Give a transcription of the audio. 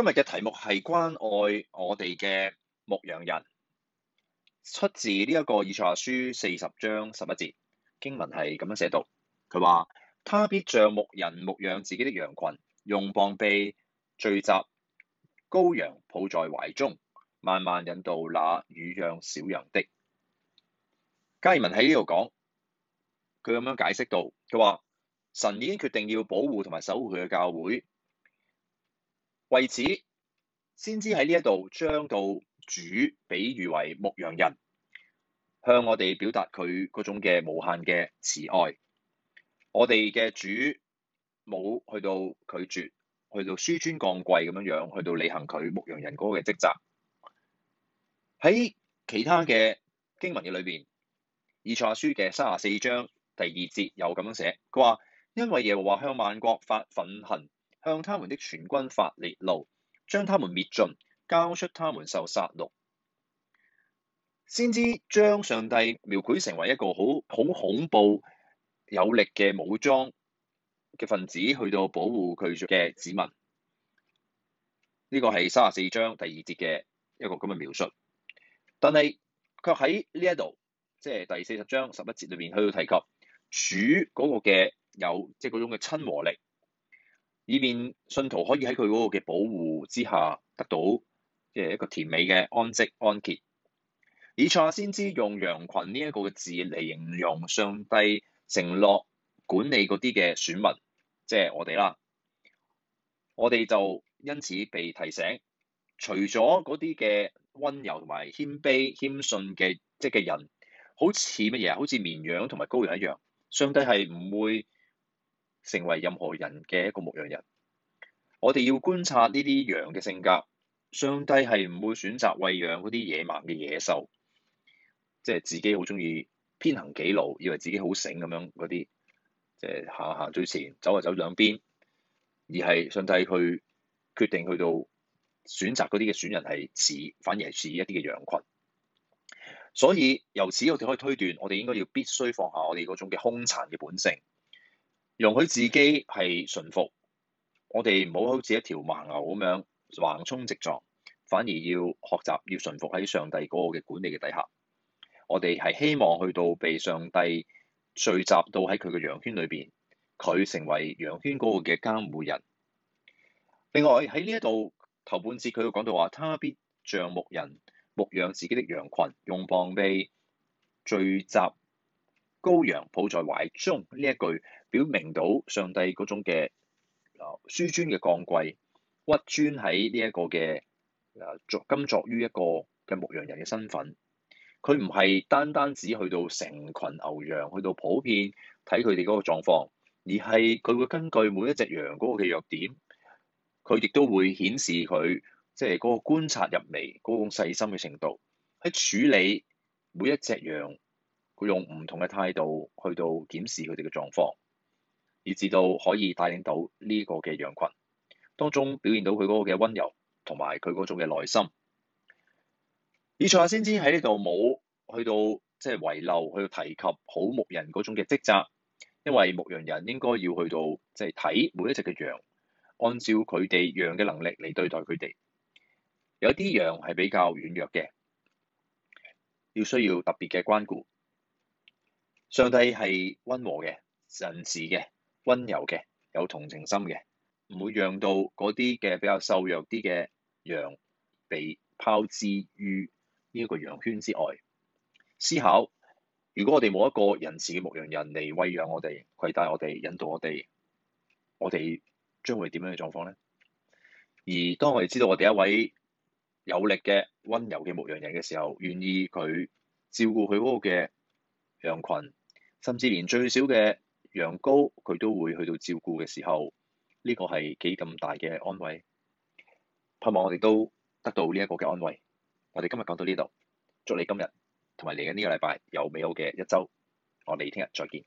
今日嘅題目係關愛我哋嘅牧羊人，出自呢、這、一個以賽亞書四十章十一節經文係咁樣寫到，佢話，他必像牧人牧養自己的羊群，用膀臂聚集羔羊，抱在懷中，慢慢引導那乳養小羊的。加爾文喺呢度講，佢咁樣解釋道：「佢話神已經決定要保護同埋守護佢嘅教會。為此，先知喺呢一度將到主比喻為牧羊人，向我哋表達佢嗰種嘅無限嘅慈愛。我哋嘅主冇去到拒絕，去到紆尊降貴咁樣樣，去到履行佢牧羊人嗰個嘅職責。喺其他嘅經文嘅裏邊，《以賽亞書》嘅三十四章第二節有咁樣寫：佢話因為耶和華向萬國發忿恨。向他們的全軍發烈怒，將他們滅盡，交出他們受殺戮。先知將上帝描繪成為一個好好恐怖有力嘅武裝嘅分子，去到保護佢嘅子民。呢個係三十四章第二節嘅一個咁嘅描述，但係卻喺呢一度，即係、就是、第四十章十一節裏面去到提及主嗰個嘅有即係嗰種嘅親和力。以便信徒可以喺佢嗰個嘅保護之下，得到即係一個甜美嘅安息安歇。以賽亞先知用羊群呢一個嘅字嚟形容上帝承諾管理嗰啲嘅選民，即係我哋啦。我哋就因此被提醒，除咗嗰啲嘅溫柔同埋謙卑謙遜嘅即嘅人，好似乜嘢？好似綿羊同埋羔羊一樣，上帝係唔會成為任何人嘅一個牧羊人，我哋要觀察呢啲羊嘅性格。上帝係唔會選擇餵養嗰啲野蠻嘅野獸，即係自己好中意偏行己路，以為自己好醒咁樣嗰啲，即係行行最前，走啊走兩邊，而係上帝去決定去到選擇嗰啲嘅選人係似，反而係似一啲嘅羊群。所以由此我哋可以推斷，我哋應該要必須放下我哋嗰種嘅凶殘嘅本性。容許自己係順服，我哋唔好好似一條盲牛咁樣橫衝直撞，反而要學習要順服喺上帝嗰個嘅管理嘅底下。我哋係希望去到被上帝聚集到喺佢嘅羊圈裏邊，佢成為羊圈嗰個嘅監護人。另外喺呢一度頭半節佢講到話，他必像牧人牧養自己的羊群，用膀臂聚集。羔羊抱在懷中呢一句，表明到上帝嗰種嘅紆尊嘅降貴，屈尊喺呢一個嘅作今作於一個嘅牧羊人嘅身份。佢唔係單單止去到成群牛羊，去到普遍睇佢哋嗰個狀況，而係佢會根據每一隻羊嗰個嘅弱點，佢亦都會顯示佢即係嗰個觀察入微、嗰種細心嘅程度，喺處理每一隻羊。佢用唔同嘅態度去到檢視佢哋嘅狀況，以至到可以帶領到呢個嘅羊群，當中表現到佢嗰個嘅温柔同埋佢嗰種嘅耐心。以賽亞先知喺呢度冇去到即係遺漏去到提及好牧人嗰種嘅職責，因為牧羊人應該要去到即係睇每一隻嘅羊，按照佢哋羊嘅能力嚟對待佢哋。有啲羊係比較軟弱嘅，要需要特別嘅關顧。上帝係温和嘅、仁慈嘅、温柔嘅、有同情心嘅，唔會讓到嗰啲嘅比較瘦弱啲嘅羊被拋之於呢一個羊圈之外。思考，如果我哋冇一個仁慈嘅牧羊人嚟餵養我哋、攜帶我哋、引導我哋，我哋將會點樣嘅狀況咧？而當我哋知道我哋一位有力嘅、温柔嘅牧羊人嘅時候，願意佢照顧佢嗰個嘅羊群。甚至連最小嘅羊羔，佢都會去到照顧嘅時候，呢個係幾咁大嘅安慰。盼望我哋都得到呢一個嘅安慰。我哋今日講到呢度，祝你今日同埋嚟緊呢個禮拜有美好嘅一周。我哋聽日再見。